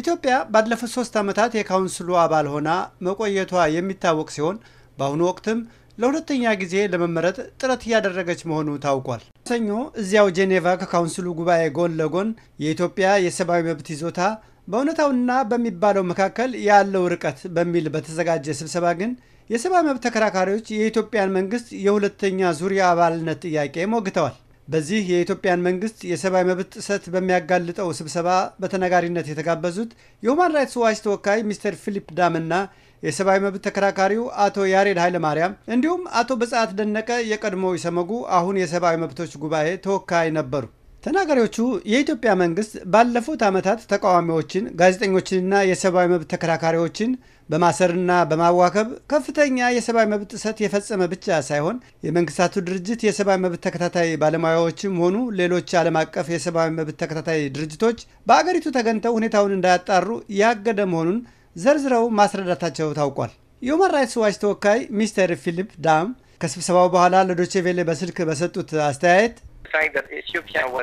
ኢትዮጵያ ባለፉት ሶስት ዓመታት የካውንስሉ አባል ሆና መቆየቷ የሚታወቅ ሲሆን በአሁኑ ወቅትም ለሁለተኛ ጊዜ ለመመረጥ ጥረት እያደረገች መሆኑ ታውቋል። ሰኞ እዚያው ጄኔቫ ከካውንስሉ ጉባኤ ጎን ለጎን የኢትዮጵያ የሰብአዊ መብት ይዞታ በእውነታውና በሚባለው መካከል ያለው ርቀት በሚል በተዘጋጀ ስብሰባ ግን የሰብአዊ መብት ተከራካሪዎች የኢትዮጵያን መንግስት የሁለተኛ ዙሪያ አባልነት ጥያቄ ሞግተዋል። በዚህ የኢትዮጵያን መንግስት የሰብአዊ መብት ጥሰት በሚያጋልጠው ስብሰባ በተነጋሪነት የተጋበዙት የሁማን ራይትስ ዋች ተወካይ ሚስተር ፊሊፕ ዳምና የሰብአዊ መብት ተከራካሪው አቶ ያሬድ ኃይለማርያም እንዲሁም አቶ በጻት ደነቀ የቀድሞ የሰመጉ አሁን የሰብአዊ መብቶች ጉባኤ ተወካይ ነበሩ። ተናጋሪዎቹ የኢትዮጵያ መንግስት ባለፉት ዓመታት ተቃዋሚዎችን፣ ጋዜጠኞችንና የሰብአዊ መብት ተከራካሪዎችን በማሰርና በማዋከብ ከፍተኛ የሰብአዊ መብት ጥሰት የፈጸመ ብቻ ሳይሆን የመንግስታቱ ድርጅት የሰብአዊ መብት ተከታታይ ባለሙያዎችም ሆኑ ሌሎች ዓለም አቀፍ የሰብአዊ መብት ተከታታይ ድርጅቶች በአገሪቱ ተገንተው ሁኔታውን እንዳያጣሩ ያገደ መሆኑን ዘርዝረው ማስረዳታቸው ታውቋል። የሁማን ራይትስ ዋች ተወካይ ሚስተር ፊሊፕ ዳም ከስብሰባው በኋላ ለዶቼ ቬሌ በስልክ በሰጡት አስተያየት ኢትዮጵያ uh,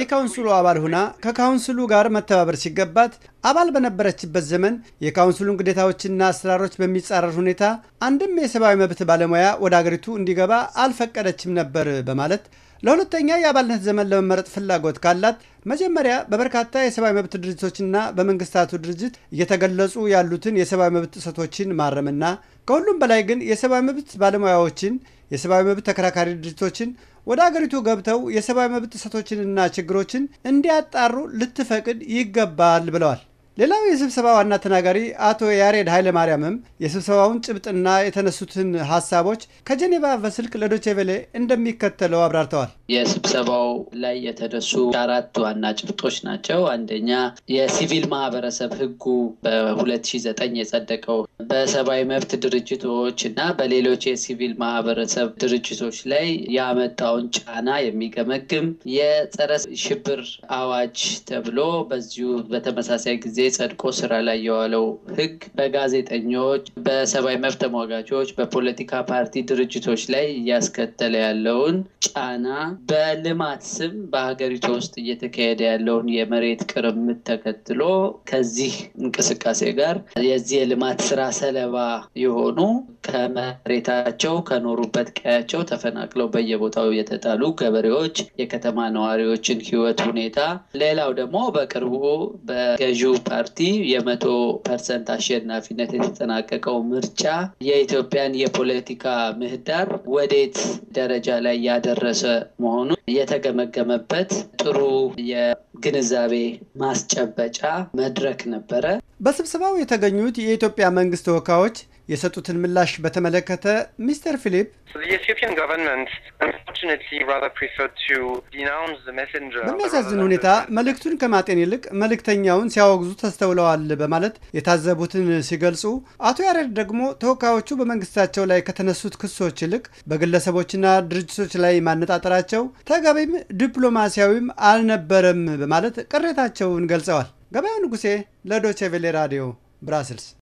የካውንስሉ አባል ሆና ከካውንስሉ ጋር መተባበር ሲገባት አባል በነበረችበት ዘመን የካውንስሉን ግዴታዎችና አሰራሮች በሚጻረር ሁኔታ አንድም የሰብአዊ መብት ባለሙያ ወደ አገሪቱ እንዲገባ አልፈቀደችም ነበር በማለት ለሁለተኛ የአባልነት ዘመን ለመመረጥ ፍላጎት ካላት መጀመሪያ በበርካታ የሰብአዊ መብት ድርጅቶችና በመንግስታቱ ድርጅት እየተገለጹ ያሉትን የሰብአዊ መብት ጥሰቶችን ማረምና ከሁሉም በላይ ግን የሰብአዊ መብት ባለሙያዎችን፣ የሰብአዊ መብት ተከራካሪ ድርጅቶችን ወደ አገሪቱ ገብተው የሰብአዊ መብት ጥሰቶችንና ችግሮችን እንዲያጣሩ ልትፈቅድ ይገባል ብለዋል። ሌላው የስብሰባ ዋና ተናጋሪ አቶ ያሬድ ኃይለማርያምም የስብሰባውን ጭብጥና የተነሱትን ሀሳቦች ከጀኔቫ በስልክ ለዶቼቬሌ እንደሚከተለው አብራርተዋል። የስብሰባው ላይ የተነሱ አራት ዋና ጭብጦች ናቸው። አንደኛ የሲቪል ማህበረሰብ ህጉ በ2009 የጸደቀው በሰብአዊ መብት ድርጅቶች እና በሌሎች የሲቪል ማህበረሰብ ድርጅቶች ላይ ያመጣውን ጫና የሚገመግም የጸረ ሽብር አዋጅ ተብሎ በዚሁ በተመሳሳይ ጊዜ ጸድቆ ስራ ላይ የዋለው ህግ በጋዜጠኞች፣ በሰብአዊ መብት ተሟጋቾች፣ በፖለቲካ ፓርቲ ድርጅቶች ላይ እያስከተለ ያለውን ጫና በልማት ስም በሀገሪቱ ውስጥ እየተካሄደ ያለውን የመሬት ቅርምት ተከትሎ ከዚህ እንቅስቃሴ ጋር የዚህ የልማት ስራ ሰለባ የሆኑ ከመሬታቸው ከኖሩበት ቀያቸው ተፈናቅለው በየቦታው የተጣሉ ገበሬዎች፣ የከተማ ነዋሪዎችን ህይወት ሁኔታ፣ ሌላው ደግሞ በቅርቡ በገዢው ፓርቲ የመቶ ፐርሰንት አሸናፊነት የተጠናቀቀው ምርጫ የኢትዮጵያን የፖለቲካ ምህዳር ወዴት ደረጃ ላይ ያደረሰ መሆኑ የተገመገመበት ጥሩ የግንዛቤ ማስጨበጫ መድረክ ነበረ። በስብሰባው የተገኙት የኢትዮጵያ መንግስት ተወካዮች የሰጡትን ምላሽ በተመለከተ ሚስተር ፊሊፕ በሚያሳዝን ሁኔታ መልእክቱን ከማጤን ይልቅ መልእክተኛውን ሲያወግዙ ተስተውለዋል በማለት የታዘቡትን ሲገልጹ፣ አቶ ያሬድ ደግሞ ተወካዮቹ በመንግስታቸው ላይ ከተነሱት ክሶች ይልቅ በግለሰቦችና ድርጅቶች ላይ ማነጣጠራቸው ተገቢም ዲፕሎማሲያዊም አልነበረም በማለት ቅሬታቸውን ገልጸዋል። gusee Nugusee, Ladochevele Raadiyoo, Biraasils.